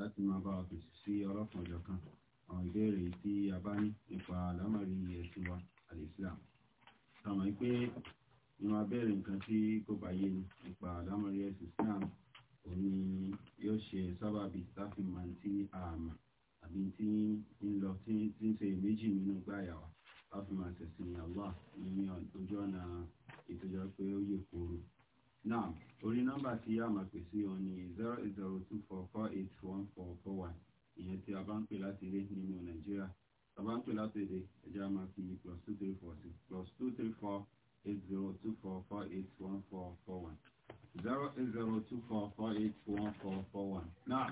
láti máa bá wa fèsì sí ọlọ́kan ọ̀jọ̀kan àwọn ìbéèrè tí a bá ní nípa àlámọ̀rí ẹ̀sìn wa àlìsílám sàmọ̀ pé inú abẹ́rẹ́ nǹkan tí kò bá yé ni nípa àlámọ̀rí ẹ̀sìn Islam òun ni yóò ṣe sábàbí láti máa ti àmà àbí tí ń lọ tí ń ṣe méjì nínú gbáyà wa láti máa tẹ̀sìn Allah ní ojú ọ̀nà ìtọ́jọ́ pé ó yè kúrú Now, orí number tí a máa pè sí ọ ní zero eight zero two four four eight one four four one ìyẹn tí a bá ń pè láti ilé nínú nàìjíríà a bá plus two three four six plus two three four eight zero two four four eight one four four one zero eight zero two four four eight one four four one náà.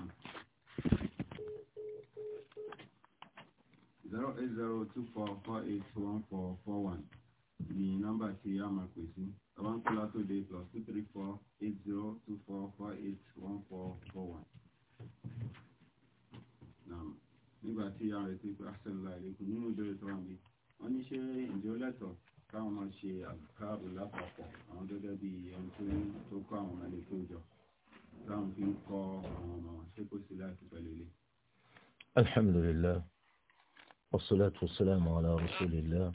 zero eight zero two four four eight one four four one ni nọ́mbà tí a máa pè sí ọba ń kó látòde plus two three four eight zero two four four eight one four four one. nígbà tí a retí pé àṣẹlá ìlẹ́kùn nínú ìbéèrè tó wà wọ́n ní ṣé ìjọ lẹ́tọ̀ọ́ káwọn máa ṣe àbùkárù lápapọ̀ àwọn gẹ́gẹ́ bí ẹni tó ń tó kọ́ àwọn ọmọ ilé tó jọ táwọn fi ń kọ́ àwọn ọmọ ṣé kò sí láti pẹ̀lú ilé. alhamdulillah wasalaatu wasalaamu ala rasulillah.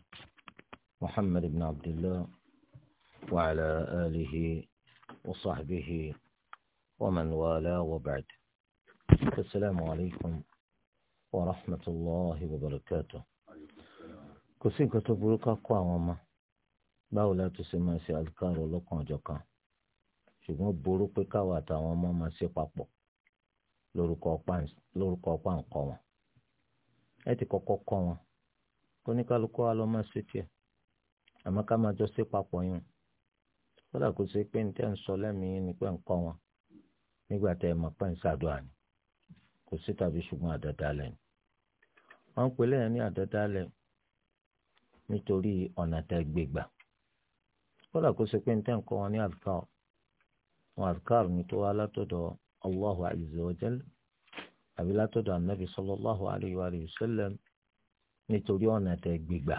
محمد بن عبد الله وعلى آله وصحبه ومن والاه وبعد السلام عليكم ورحمة الله وبركاته كسين كتبولك أقوى وما باولا تسمى سي لكم جوكا ṣùgbọ́n burú pé káwọn àtàwọn ọmọ máa ṣe papọ̀ lórúkọ ọ̀pá ǹkọ́ wọn ẹ ti kọ́kọ́ kọ́ wọn wa máa ṣe tiẹ̀ àmọ́ ká máa jọ sí papọ̀ yẹn kódà kó ṣe pé níta ń sọ lẹ́mìí ni pé ń kọ́ wọn nígbà tẹ ẹ mọ̀ pé ń ṣàdúrà ni kò sí tàbí ṣùgbọ́n àdádálẹ̀ ni wọ́n ń pè lẹ́yìn ní àdádálẹ̀ nítorí ọ̀nà tẹ gbégbà kódà kó ṣe pé níta ń kọ́ wọn ní àdúrà wọn àdúrà ni tó wá látọ̀dọ̀ Allahu azza wa jalla àbí látọ̀dọ̀ anabi sallallahu alayhi wa sallam nítorí ọ̀nà tẹ gbégbà.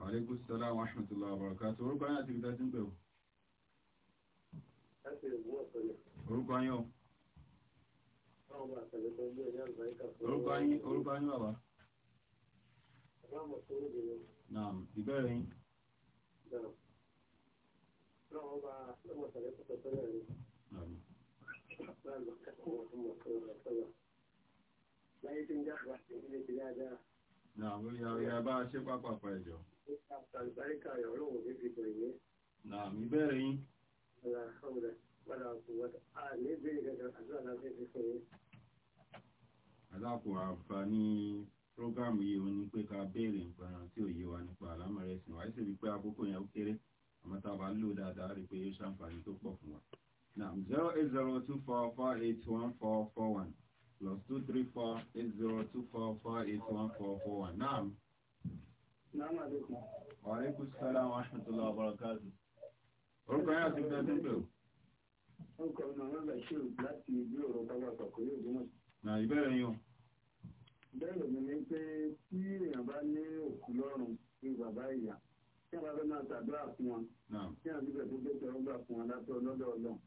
Wàlékún sọ́lá wọn ṣùgbọ́n lọ àbọ̀rọ̀ká tó orúkọ yẹn àti ìgbà tí ń bẹ̀rù. Orúkọ yẹn o. Orúkọ yẹn orúkọ yẹn bàbá. Naam, ìbéèrè yín. Láyé tí ń dá àgbà sí ilé ti dáadáa. Nàà lórí ayẹyẹ bá ṣe pápápá ẹjọ. Nàà mi bẹ̀rẹ̀ yín. Alákùn àǹfààní prógámù yìí ó ní pé ká béèrè nǹkan tí ò yé wa nípa àlámọ̀rẹ́ ìsìn wa. Ìṣèlú pé àkókò yẹn ó kéré, àmọ́ tá a bá lò dáadáa rí pé yóò ṣàǹfààní tó pọ̀ fún wa. Nàà zero eight zero two four four eight one four four one plus two three four eight zero two four four eight one four four one naam. naam aleykum. waaleykum salaam wa rahmatulah wa barakatu. orúkọ yẹn àti bẹ́ẹ̀ tún o. orúkọ mi náà lọ́la ṣe o láti ibi ọ̀rọ̀ bàbá àpapọ̀ yóò gbọ́n. na ìbéèrè yín o. bẹ́ẹ̀ mi ni pé tí èèyàn bá ní òkú lọ́rùn ní bàbá ìyá tí a bá fẹ́ máa ṣàdúrà fún wọn tí a ti bẹ̀ tó gbé tẹ̀wọ́ gbà fún wọn látọ̀ lọ́dọ̀ ọlọ́run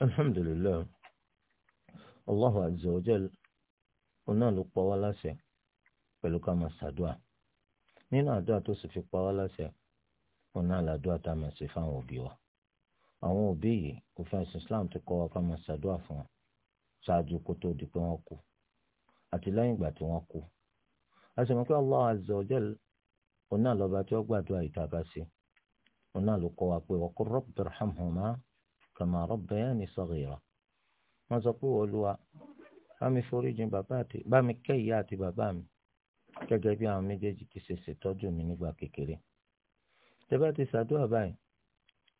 alhamdulilayi allahu azza wa jal ọ̀nà ló pa wá láṣẹ pẹ̀lú ká máa ṣàdúà nínú àdúà tó sì fi pa wá láṣẹ ọ̀nà àlàdúà tá a máa ṣe fáwọn òbí wa àwọn òbí yìí òfin ẹ̀sìn islam ti kọ́ wa ká máa ṣàdúà fún wọn ṣáájú kó tó di pé wọ́n kú àti lẹ́yìn ìgbà tí wọ́n kú a sì mọ̀ pé allah azza wa jal òun náà lọ́ba tí ó gbàdúrà ìtàbá sí òun náà ló kọ́ wa pé wa qur rabbi irhamhuma kama rabbayani saghira wọ́n sọ pé Olúwa bá mi foríjìn bàbá àti bá mi kẹ́ ìyá àti bàbá mi gẹ́gẹ́ bí àwọn méjèèjì ti ṣe ṣètọ́jú mi nígbà kékeré tẹ́bá ti ṣàdúrà báyìí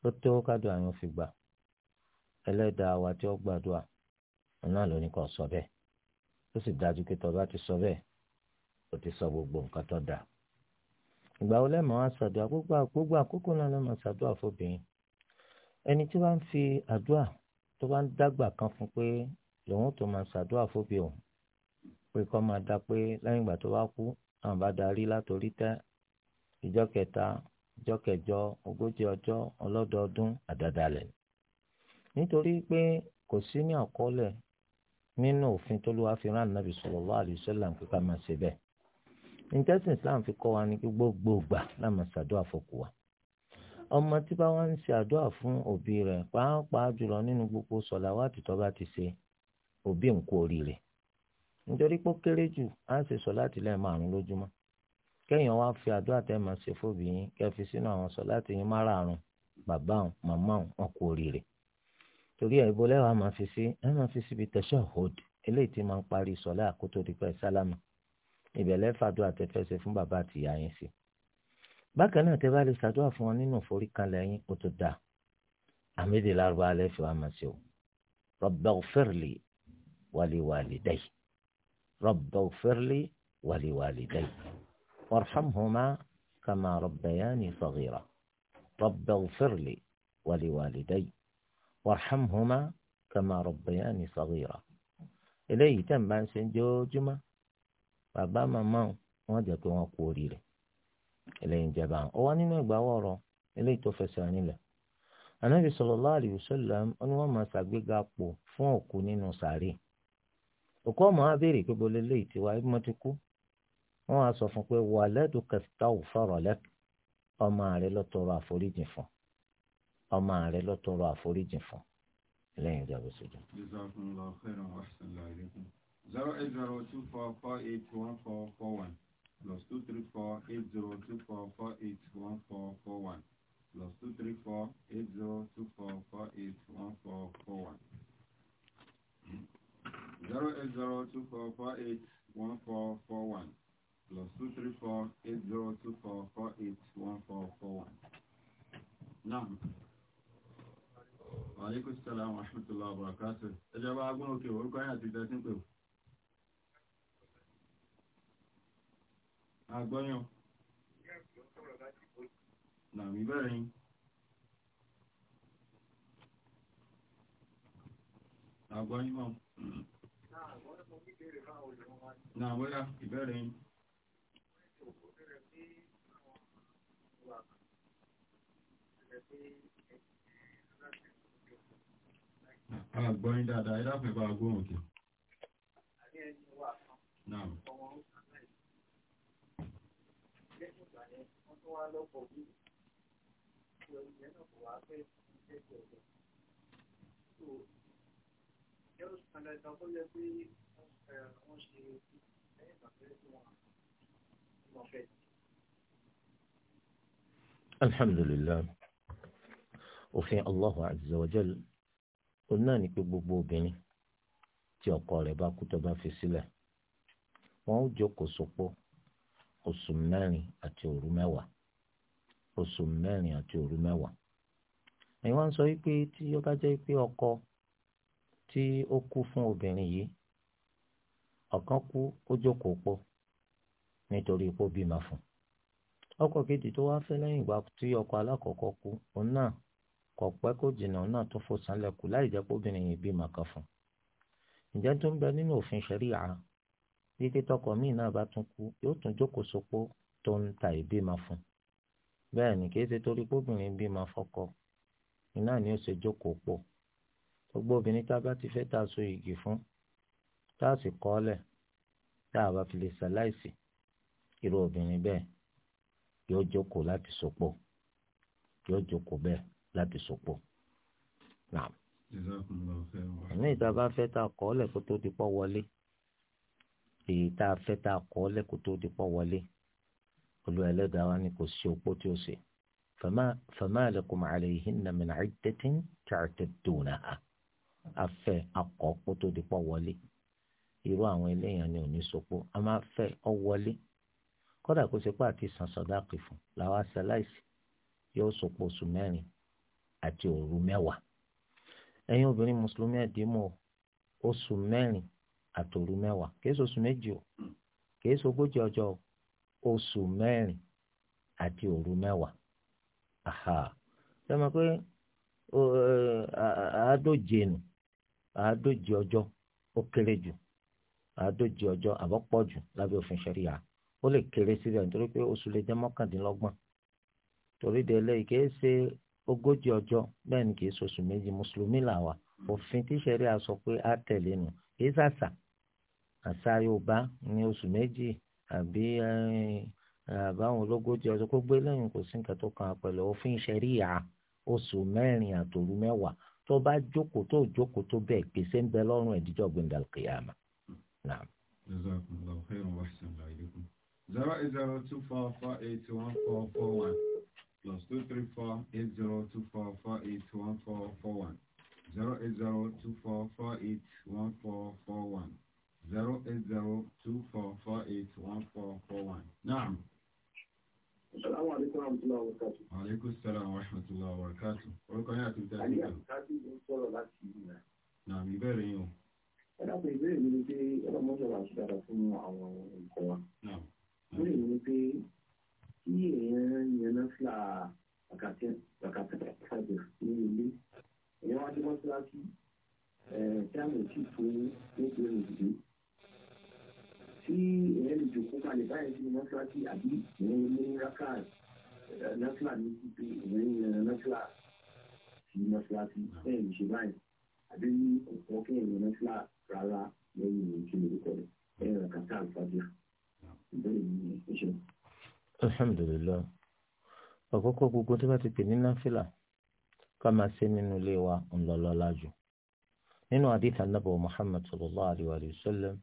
ó tó kádùn àwọn fi gbà wa tí ó gbàdúrà òun ló ní kó sọ bẹ́ẹ̀ ó sì dájú pé tọ́ ti sọ bẹ́ẹ̀ ó ti sọ gbogbo nǹkan tó dáa ìgbà wo lẹ́mọ̀ á ṣàdúrà gbogbo gbogbo àkókò náà lẹ́mọ̀ ṣàdúrà fóbìnrin ẹni tí wọ́n fi àdúrà tó bá ń dàgbà kan fún pé lòun tó máa ṣàdúrà fóbìnrin òun pé kọ́ máa da pé lẹ́yìn ìgbà tó bá kú àwọn bá darí látòrí tẹ́ ìjọ kẹta ìjọ kẹjọ ogójì ọjọ́ ọlọ́dọọdún àdàdàlẹ̀ nítorí pé kò sí ní àkọọ́lẹ̀ nínú òfin tó ló wá fi rán ànábì sallallahu alaihi wasallam pé ká máa ṣe bẹ́ẹ̀ ìjọsìn islam fi kọ́ wa ní kí gbogbo gbà láàmú ṣàdúrà fọkù wa ọmọ tí bá wá ń ṣe àdúrà fún òbí rẹ̀ pàápàá jùlọ nínú gbogbo sọ̀làwátì tó bá ti ṣe òbí ń kú oríire nítorí pé ó kéré jù á ṣe sọ̀láàtì lẹ́ẹ̀ márùn lójúmọ́ kẹ́yìn wá fi àdúrà tẹ́ máa ṣe fóbi yín kẹ́ sínú àwọn sọ̀láàtì yín márààrún bàbá òun màmá òun wọn oríire torí ẹ̀ ibo lẹ́wàá máa fi sí ẹ máa fi síbi tashahhud eléyìí tí máa ń parí sọ̀lá àkótó dípẹ́ sálámù ìbẹ̀lẹ̀ fàdúrà tẹ́fẹ́ ṣe fún bàbá àti ìyá yẹn sí. bákan náà tẹ́ bá lè ṣàdúrà fún wọn nínú ìforíkanlẹ̀ yín ó tó dáa àmìdí lárúbá alẹ́ fi wá máa ṣe o rabbaghfirli waliwaliday rabbaghfirli waliwaliday warhamhuma kama rabbayani saghira rabbaghfirli waliwaliday warhamhuma kama rabbayani saghira eléyìí tẹ̀ ń bá ń ṣe jójúmọ́ bàbá màmá wọn jẹ́ pé wọ́n kú oríire eléyìí jẹba ọ wá nínú ìgbà wọ̀rọ̀ eléyìí tó fẹsẹ̀ nílẹ̀ anabi sallallahu alaihi wasallam ni wọ́n máa ṣàgbéga pò fún òkú nínú sàárè òkú ọmọ á béèrè pé bọlẹ léyìí ti ẹbí mo ti kú wọ́n sọ fún pé waladuka fún ọmọ rẹ zero eight zero two four four eight one four four one plus two three four eight zero two four four eight one four four one plus two three four eight zero two four four eight one four four one zero eight zero two four four eight one four four one plus two three four eight zero two four four eight one four four one. Naam. Wa alaikum salaam wa rahmatullahi wa barakatuh. Ẹjọba agbóhùn òkè orúkọ yẹn àti ìdẹ́sìn pẹ̀lú. Agbọ́yàn. Nàmì bẹ̀rẹ̀ yín. Agbọ́yàn mọ̀. Nàwẹ́rà ìbẹ̀rẹ̀ yín. Àgbọ́yìn dáadáa, ẹ̀dá fẹ́ bá agbóhùn kí. Àní ẹni wà kan. Náà. tó wá lọ́pọ̀ bí ìròyìn náà kò wá fẹ́ iṣẹ́ tí ọ̀dọ̀. tó yẹ ó sùn padà ìgbà kọ́lẹ̀ wọ́n ṣe lẹ́yìn ìgbàgbẹ́ tí wọ́n mọ̀ fẹ́. alhamdulillah òfin allahu azza wa jal òun náà ni pé gbogbo obìnrin tí ọkọ rẹ̀ bá kú tó bá fi sílẹ̀ oṣù mẹ́rin àti òru mẹ́wàá oṣù mẹ́rin àti òru mẹ́wàá ẹ̀yin wá ipe sọ wípé ọkọ tí ó kú fún obìnrin yìí ọ̀kan kú ó jókòó pọ̀ nítorí pé ó fún ọkọ kejì tó wá fẹ́ lẹ́yìn ìgbà tí ọkọ alákọ̀ọ́kọ́ kú òun náà kò pẹ́ kó jìnnà òun náà tó fò sánlẹ̀ kù láì jẹ́ pé obìnrin yìí bímọ kan fún tó ń bẹ nínú òfin wípé tọkọ míì náà bá tún kú yóò tún jókòó sopó tó ń ta ìbímọ fún bẹ́ẹ̀ ni kì í ṣe torí kóbìnrin bímọ fọkọ iná ni ó ṣe jókòó pọ̀ gbogbo obìnrin tá a bá ti fẹ́ ta so igi fún tá a sì kọ́ ọ́lẹ̀ tá a bá fi lè ṣàláìsí irú obìnrin bẹ́ẹ̀ yóò jókòó láti sopó yóò jókòó bẹ́ẹ̀ láti sopó. àmì ìta bá fẹ́ ta kọ́ ọ́lẹ̀ kó tó di pọ́ wọlé. èyí tá a fẹ́ tá a kọ́ tó ti pọ̀ wọlé olú ẹlẹ́dàá wa ni kò sí opó tí ó ṣe opó tó ti pọ̀ wọlé irú àwọn eléyàn ni ò fẹ́ ọ wọlé kódà kó ṣe pé àti san sọdáàkì fún làwọn aṣáláìsì yóò sopó oṣù mẹ́rin àti òru mẹ́wàá ẹ̀yin obìnrin mùsùlùmí ẹ̀dínmọ̀ àtòrú mẹ́wàá kìí ṣoṣù méjì o hmm. kìí ṣogójì ọjọ́ oṣù mẹ́rin àti òru mẹ́wàá aha ṣe mọ̀ pé àádóje nù àádóje ọjọ́ ó kéré jù àádóje ọjọ́ àbọ̀pọ̀ jù lábẹ́ òfin ṣẹ̀ríya ó lè kéré síbẹ̀ nítorí pé oṣù lè jẹ́ mọ́kàndínlọ́gbọ̀n torí de eléyìí kìí ṣe ogójì ọjọ́ bẹ́ẹ̀ ni kìí ṣoṣù méjì mùsùlùmí làwà hmm. òfin tíṣẹ̀rí a sọ pé á tẹ̀lé nù kìí ṣàṣà àṣà Yorùbá ní oṣù méjì àbí eh, eh, àbáwọn ológójì ọjọ́ kó gbé lẹ́yìn kò sí nǹkan tó kàn án pẹ̀lú òfin ṣẹ̀ríyà oṣù mẹ́rin àtòru mẹ́wàá tó bá jókòó tó jókòó tó bẹ́ẹ̀ gbèsè ń bẹ lọ́rùn ẹ̀díjọ́ gbẹ̀ndàlùkìyàmà. jazakumullahu khairan wa ahsana ilaykum zero eight zero two four four eight one four four one plus two three four eight zero two four four eight one four four one zero eight zero two four four eight one four four one zero eight zero two four four eight one four four one. naam. Salaamu alaikum warahmatullahi wabarakatuh. Wa alaikum salaam warahmatullahi wabarakatuh. Orúkọ yẹn àti ìtàkùn. Àlẹ́ àbùkátì ló ń sọ̀rọ̀ láti ìlú náà. Naam ìbéèrè yín o. Ẹ dákun ìbéèrè mi ni pé ọlọ́ mọ́ sọ̀rọ̀ àti dára fún àwọn olùkọ́ wa. Ìbéèrè mi ni pé kí èèyàn yẹn náà fìlà àkàtì àkàtì àkàtì ní ilé. Èèyàn wá mọ́sálásí. Tí a fún ní ìgbéyàwó tí ìyẹn lè jòkó kalẹ̀ báyìí sí mọ́ṣáláṣí àbí ìyẹn ní rákà eh, náṣílà ní pípé ìyẹn ní náṣílà sí mọ́ṣáláṣí bẹ́ẹ̀ ní ṣe báyìí àbí ní ọ̀pọ̀ kéèyàn ní náṣílà rárá lẹ́yìn ní kí ló kọ́ ẹ̀rọ kàtà àlùfáàjà ìbéèrè mi ní ìṣẹ́. alhamdulilayi àkókò gbogbo tí wọ́n ti pè ní náṣílà ká máa ṣe nínú ilé wa ńlọlọ́lá jù nínú àdìtà nàbọ̀ Muhammad sallallahu alayhi wa sallam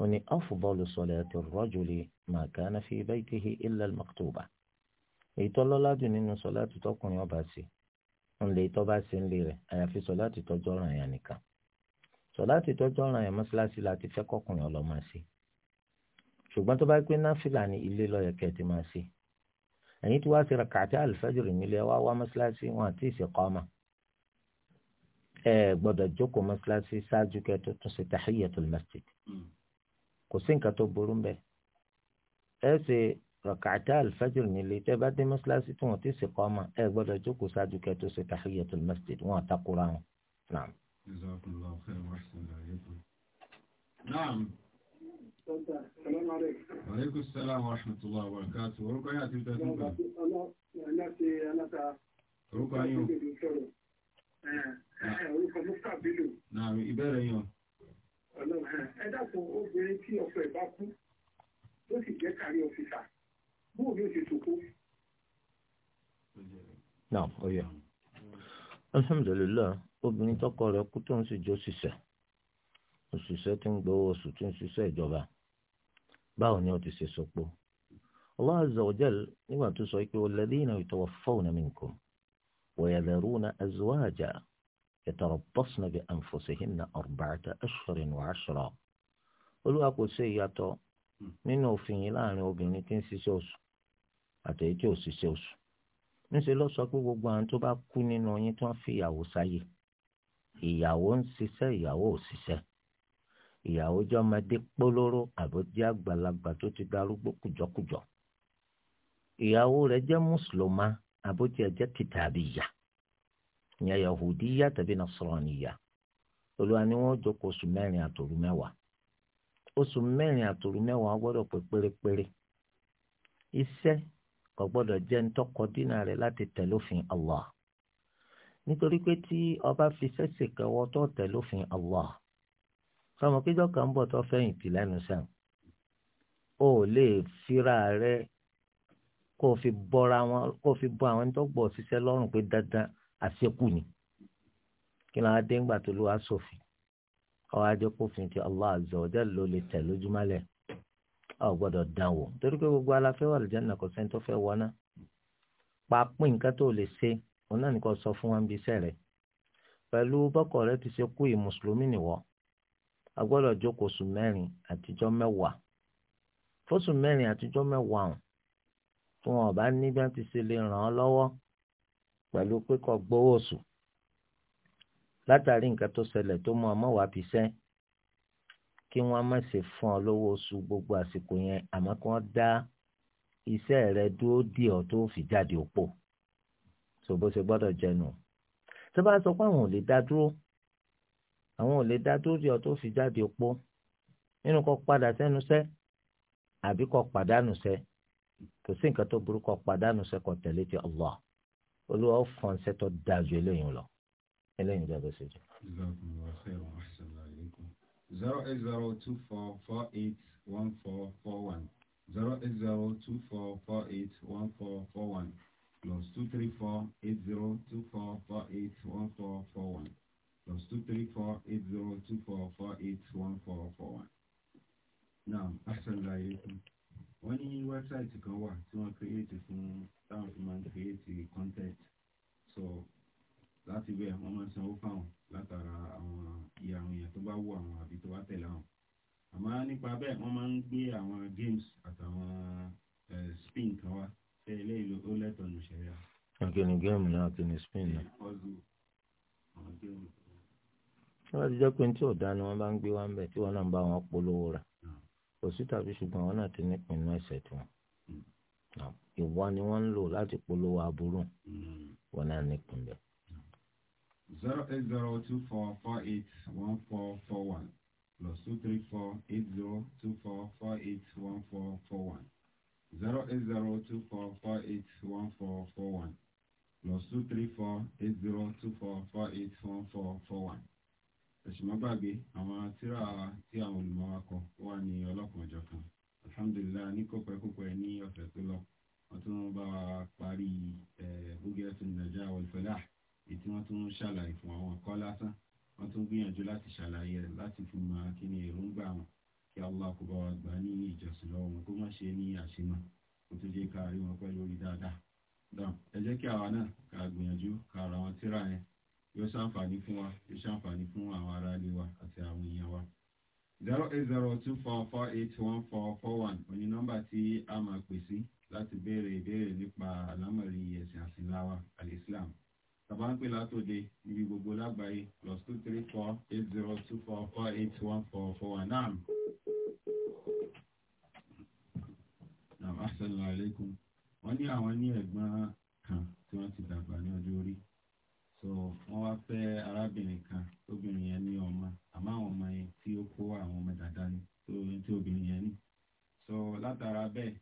هني أفضل صلاة الرجل ما كان في بيته إلا المكتوبة. يطلع لدن إن صلاة تكون يباسي. هن لي تباسي لير. أي في صلاة تجولنا يعني كا. صلاة تجولنا يا مسلا سلا تفكوا كن يلا ماسي. شو بنتو باي كنا في لاني إللي لا يكتي ماسي. أني تواسي ركعتي الفجر إني لي واوا مسلا سي واتي سي قامة. إيه بدأ جوكو مسلا سي ساجو كتو تسي تحية المسجد. kò sí nǹkan tó burú mbẹ ẹ ṣe rọkàtà alifájò nílé tẹ bá dé mọ́ṣáláṣí tí wọ́n ti ṣe kọ́ ọmọ ẹ gbọ́dọ̀ jókòó ṣáájú kẹ́ tó ṣe tahiyatul masjid wọn àtakùrọ̀ àwọn. naam. naam. aleykum salaam wa rahmatulah wa barakatuh orúkọ yín àti ìtọ́jú kan. orúkọ yín o. orúkọ mufta bello. naam ìbéèrè yín o ọlọ́run ẹ dákun obìnrin tí ọkọ ẹ̀ bá kú tó sì jẹ́ kárí ọ́fíìsà bóun ni ó ṣe sòkó. náà ó yẹ alhamdulilayi obìnrin tọkọ rẹ̀ kú tó ń sì jó ṣiṣẹ́ òṣìṣẹ́ tí ń gbowó oṣù tí ń ṣiṣẹ́ ìjọba báwo ni ó ti ṣe sọpọ̀ Allah azza nígbà tó sọ pé walladhina yatawaffawna minkum wa yadharuna azwaja يتربصن بأنفسهن أربعة أشهر وعشرة. olúwa kò ṣe ìyàtọ̀ nínú òfin yìí láàrin obìnrin tí ń ṣiṣẹ́ oṣù àtẹ̀yí tí ò ṣiṣẹ́ oṣù níṣẹ́ ló sọ pé gbogbo àwọn tó bá kú nínú yín tí wọ́n fi ìyàwó sáyé ìyàwó ń ṣiṣẹ́ ìyàwó ò ṣiṣẹ́ ìyàwó jẹ́ ọmọdé pólóró àbójá àgbàlagbà tó ti darúgbó kùjọkùjọ ìyàwó rẹ̀ jẹ́ mùsùlùmá àbójá ẹ̀jẹ̀ kìtàbíyà ìyẹn yahudiya tàbí nasraniya olúwa ni wọ́n jókòó oṣù mẹ́rin àtòru mẹ́wàá oṣù mẹ́rin àtòru mẹ́wàá gbọ́dọ̀ pé pérépéré iṣẹ́ kò gbọ́dọ̀ jẹ́ ntọ́kọ dínà rẹ̀ láti tẹ̀lé òfin Allah nítorí pé tí ọba fi sẹ́sẹ̀ kẹwọ́ tó tẹ̀lé òfin Allah sọmọ kíjọ kan bọ̀ tó fẹ̀yìntì lẹ́nu sẹ́wọ̀n o lè fira rẹ kó o fi bọ́ àwọn tó gbọ́ òṣìṣẹ́ lọ́rùn pé dandan Aseku ni kí ló wá dé ńgbà tó ló wá sófin ọwọ́ ajé kófin ti Allah azza wa jalla ló lè tẹ̀ lójúmọ́lẹ̀ ọ gbọ́dọ̀ dán wò torí pé gbogbo aláfẹ́ wà lójúmọ́lẹ̀ kò sẹ́ni tó fẹ́ wọná papín nǹkan tó lè ṣe òun náà nìkan sọ fún wọn bí iṣẹ́ rẹ̀ pẹ̀lú bọ́kọ̀ rẹ ti ṣe kú ì mùsùlùmí nìwọ a jókòó oṣù mẹ́rin àtijọ́ mẹ́wàá fóṣù mẹ́rin àtijọ́ mẹ́wàá ọ̀hún tí wọn ò bá ṣe lè ràn án lọ́wọ́ pẹ̀lú pé kò gbowó oṣù látàrí nǹkan tó ṣẹlẹ̀ tó mú ọmọ wàá fi sẹ́ kí wọ́n má ṣe fún ọ lówó oṣù gbogbo àsìkò yẹn àmọ́ kí wọ́n dá iṣẹ́ rẹ dúró dì ọ́ tó fi jáde òpó tó bó ṣe gbọ́dọ̀ jẹnu tó bá sọ pé àwọn ò lè dá dúró àwọn ò lè dá dúró dì ọ́ tó fi jáde òpó nínú kó padà sẹ́nu sẹ́ àbí kó pàdánù sẹ́ kò sí nǹkan tó burú kó pàdánù sẹ́ kó tẹ̀lé ti Allah olúwa ó fọn sẹ́tọ̀ dáa ju eléyìí lọ eléyìí jẹ́ bó ṣe jẹ́. zero eight zero two four four eight one four four one zero eight zero two four four eight one four four one plus two three four eight zero two four four eight one four four one plus two three four eight zero two four four eight one four four one. Now, assalamu wọ́n ní wẹ́bsáìtì kan wà tí wọ́n kírètì fún táwọn fi máa ń kírètì kọ́ńtẹ́ẹ̀tì so láti bẹ́ẹ̀ wọ́n máa ń sanwó fáwọn látara àwọn iye àwọn èèyàn tó bá wù àwọn àbí tó bá tẹ̀lé àwọn àmọ́ nípa bẹ́ẹ̀ wọ́n máa ń gbé àwọn games àtàwọn spin kan wá ṣe eléyìí ó lẹ́tọ̀ọ́ nù ṣẹ̀yà. akínní géèmù náà akínní spin náà. tí wọ́n ti jẹ́ pé tí ọ̀dà ni wọ́n bá ń gbé wá ń bẹ̀ tí wọ́n náà ń bá wọn polówó rà sí tàbí ṣùgbọ́n àwọn náà ti nípinnu ẹ̀ṣẹ̀ tiwọn mm. ìwà ni wọ́n ń lò láti polówó aburú mm. wọn náà nípinnu bẹ́ẹ̀. zero eight zero two four four eight one four four one plus two three four eight zero two four four eight one four four one zero eight zero two four four eight one four four one plus two three four eight zero two four four eight one four four one ẹ̀sùn má gbàgbé àwọn tíra tí àwọn olùmọ̀ wa kọ wà ní ọlọ́kan ọjọ́ kan alhamdulillah ní kópa kópa ẹ̀ ní ọ̀fẹ́ tó lọ wọ́n tún bá wa parí búgẹ́tù nàìjíríà wọlfẹ́lá èyí tí wọ́n tún ṣàlàyé fún àwọn ọkọ lásán wọ́n tún gbìyànjú láti ṣàlàyé rẹ̀ láti fi mọ kí ni èròǹgbà wọn kí Allah kó bá wa gbà ní ìjọsìn lọ́wọ́ wọn kó má ṣe ní àṣemọ́ kó tó jẹ́ ká rí wọn pẹ́ lórí dáadáa ẹ jẹ́ kí àwa náà ká gbìyànjú ká ra wọn tíra yẹn yóò ṣàǹfààní fún wa yóò ṣàǹfààní fún àwọn ará ilé wa àti àwọn èèyàn wa. zero eight zero two four four eight one four four one òní nọ́mbà tí a máa pè sí láti béèrè ìbéèrè nípa àlámọ̀rí ẹ̀sìn àsìnláwa alìsílám tàbá ń pè látòde níbi gbogbo lágbàáyé plus two three four eight zero two four four eight one four four one naam. naam asalaamualeykum wọ́n ní àwọn ní ẹ̀gbọ́n kan tí wọ́n ti dàgbà ní ọjọ́ orí so wọ́n wá fẹ́ arábìnrin kan obìnrin yẹn ní ọmọ àmọ́ àwọn ọmọ yẹn tí ó kó àwọn ọmọ dàda ni tó tí obìnrin yẹn ní so látara bẹ́ẹ̀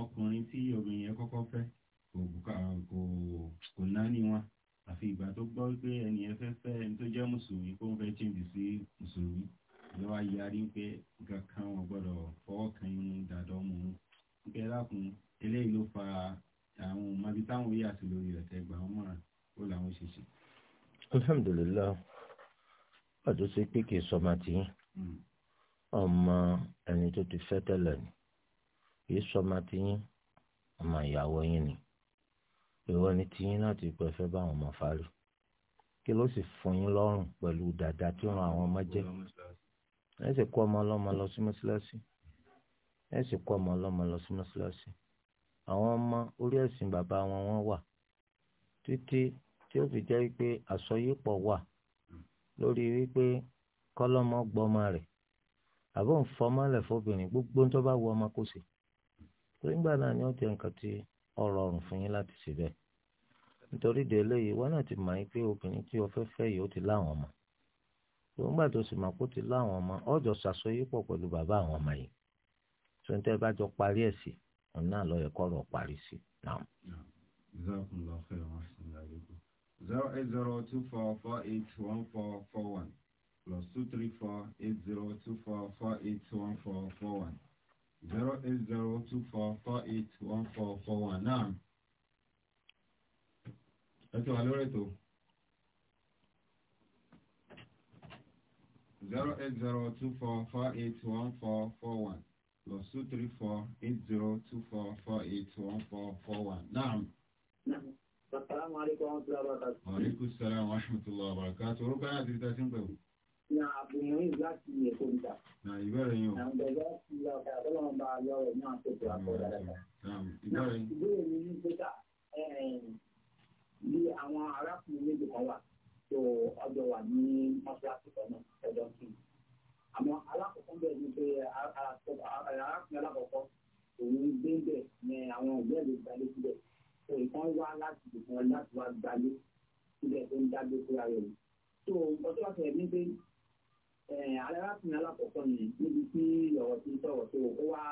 ọkùnrin tí obìnrin yẹn kọ́kọ́ fẹ́ kò kò náání wọn àfi ìgbà tó gbọ́ pé ẹni yẹn fẹ́ fẹ́ ẹni tó jẹ́ mùsùlùmí kó ń fẹ́ chíǹdì sí mùsùlùmí ló wá yarí pé nǹkan kan wọn gbọ́dọ̀ fọwọ́ kan inú dàdọ́ mu un nígbà ẹlẹ́kùn eléyìí ló fa àwọn ọmọbi yíyà sí lórí rẹ̀ tẹ́gbà wọn ó làwọn ṣe ṣe. alhamdulilayi pàtó sí pé kì í sọmọ àti hmm. ọmọ ẹni tó ti fẹ́ tẹ́lẹ̀ ni kì í sọmọ àti ọmọ ìyàwó yín ni ìwọ ni tiyín láti pẹ́ fẹ́ bá àwọn ọmọ fárí kí ló sì fún yín lọ́rùn pẹ̀lú dàda tí ràn àwọn ọmọ jẹ́ ẹ sì kó ọmọ ọlọ́mọ lọ sí mọ́ṣáláṣí ẹ sì kó ọmọ ọlọ́mọ lọ sí mọ́ṣáláṣí àwọn ọmọ orí ẹ̀sìn bàbá wọn wọ́n wà títí tí ó fi jẹ́ wípé àsọyípọ̀ wà lórí wípé kọ́lọ́mọ gbọ́mọ rẹ̀ àbò ń fọmọ́lẹ̀ fóbìnrin gbogbo tó bá wù ọmọ kò sí torí gbà náà ni ó ti nǹkan tí ó rọrùn fún yín láti ṣe bẹ́ẹ̀ nítorí de eléyìí wọn náà ti mọ̀ yín pé obìnrin tí o fẹ́ fẹ́ yìí ó ti láwọn ọmọ nígbà tó sì mọ̀ pé ó ti láwọn ọmọ ọjọ́ ṣàsọyípọ̀ pẹ̀lú bàbá àwọn ọmọ yìí tó ń tẹ́ bá jọ parí ẹ̀ sí òun náà lọ́ọ́ yẹ parí sí náà. ìzákùn lọ́fẹ̀ẹ́ wọn sì ń darí kú zero eight zero two four four eight one four four one plus two three four eight zero two four four eight one four four one zero eight zero two four four eight one four four one náà ẹ ti wà lórí ètò zero eight zero two four four eight one four four one plus two three four eight zero two four four eight one four four one náà. Assalamu alaikum warahmatullahi wabarakatuh. Wa alaikum assalam warahmatullahi wabarakatuh. Orúkọ náà ti fi tẹ́sí ń pẹ̀lú. Na àbùmọ̀yìn láti Èkó níta. Na ìbẹ̀rẹ̀ yín o. Na ìbẹ̀rẹ̀ láti ìlà ọ̀gá ọlọ́run bá yọ ọ̀rọ̀ náà tó tó àpọ̀ dáadáa. Na ìbéèrè mi ní Bẹ́tà bí àwọn arákùnrin méjì kan wà tó ọjọ́ wà ní mọ́ṣáláṣí kan náà ọjọ́ kí. Àmọ́ alákọ̀ọ́kọ́ bẹ̀rẹ̀ ni àwọn nǹkan wá láti ìkan láti wá gbalé síbẹ̀ tó ń dágbé fúra rẹ̀ tó nǹkan tó wà fẹ́ ní pé arákùnrin alákọ̀ọ́kọ́ ni níbi tí ọ̀rọ̀ ti sọ̀rọ̀ tó ó wá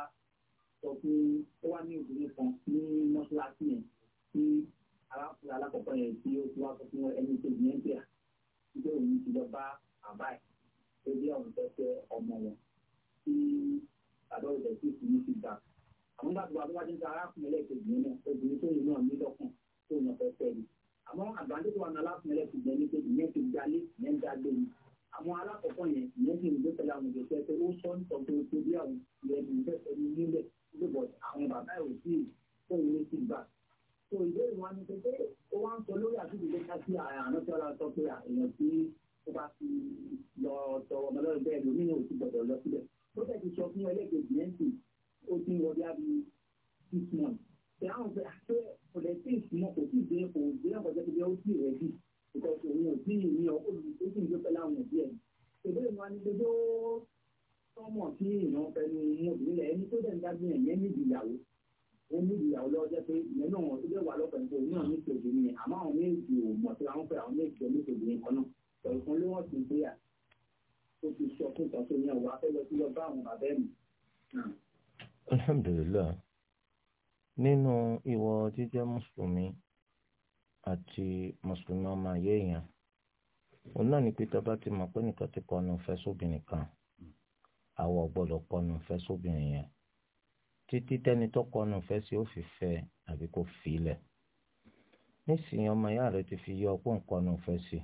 sọ fún ó wá ní obìnrin kan ní mọ́ṣáláṣí yẹn tí arákùnrin alákọ̀ọ́kọ́ yẹn tí ó ti wá sọ fún ẹni tó yẹn bíà tí òun ti lọ bá bàbá ẹ̀ tó bí ọ̀hún fẹ́ fẹ́ ọmọ wọn tí bàbá òun tẹ̀ sí ìfúnni ti gbà àwọn gbàgbọ́ àbúwájú ta arákùnrin lẹ́ẹ̀kejì nínú obìnrin tó yìí náà ní lọ́kàn tó yàn fẹ́ fẹ́ ni àmọ́ àgbàdo tó wà ní arákùnrin lẹ́ẹ̀kejì ẹni pé ìyẹn ti gbalé ìyẹn gbalé ni àwọn alákọ̀ọ́kọ́ yẹn ìyẹn ti rìn pẹ̀lú àwọn òṣèṣẹ́ pé ó sọ nítorí pé pé bí àwọn ìyẹn ti fẹ́ fẹ́ ní nílẹ̀ lóbọ̀ àwọn bàbá ẹ̀ ò sí fóun ní ti gbà tó ìbéèrè wọn ni pé ó wá ń sọ lórí àtúntò tó ká sí àrùn tí ọlá sọ pé èèyàn tí ó bá ti lọ tọrọ ọmọlọ́rin bẹ́ẹ̀ lómìnira ò ti gbọdọ̀ lọ síbẹ̀ ó tẹ̀ ti sọ fún ẹlẹ́gbẹ̀ẹ́ ó ti lọ six months ṣe àwọn ọ̀sẹ̀ àṣẹ politics mọ̀ kò tí ì dé kò dé àkọsẹ́ tó jẹ́ ó sì rẹ̀ bí because òun ò tí ì ní ọ ó sì ń gbé pẹ̀lú àwọn òbí ẹ̀ ìbéèrè wa ni pé tó sọmọ sí ìyàn pẹ̀lú obìnrin rẹ̀ ẹni tó dẹ̀ ń dájú yẹn yẹn níbi ìyàwó yẹn níbi ìyàwó lọ́wọ́ jẹ́ pé ìyẹn náà ó lè wà lọ́pọ̀ nípa ni àmọ́ àwọn méjì ò àwọn pé àwọn méjì ò ni kan náà ló wọ́n ti gbé à ó ti sọ fún ìtàn ní ọ̀wọ́ afẹ́ lọ bá àwọn bàbá ẹ̀ mi alhamdulillah nínú ìwọ jíjẹ́ mùsùlùmí àti mùsùlùmí ọmọ ayé èèyàn òun náà ni pé tọ́ba ti mọ̀ pé nìkan ti pọnú fẹ́ sóbìnrin kan àwọ̀ gbọ́dọ̀ pọnú fẹ́ sóbìnrin yẹn títí tẹ́ni tó pọnú fẹ́ sí ó fi fẹ́ àbí kò filẹ̀ nísìnyí ọmọ ìyá rẹ ti fi yọ ọpọ́n pọnú fẹ́ sí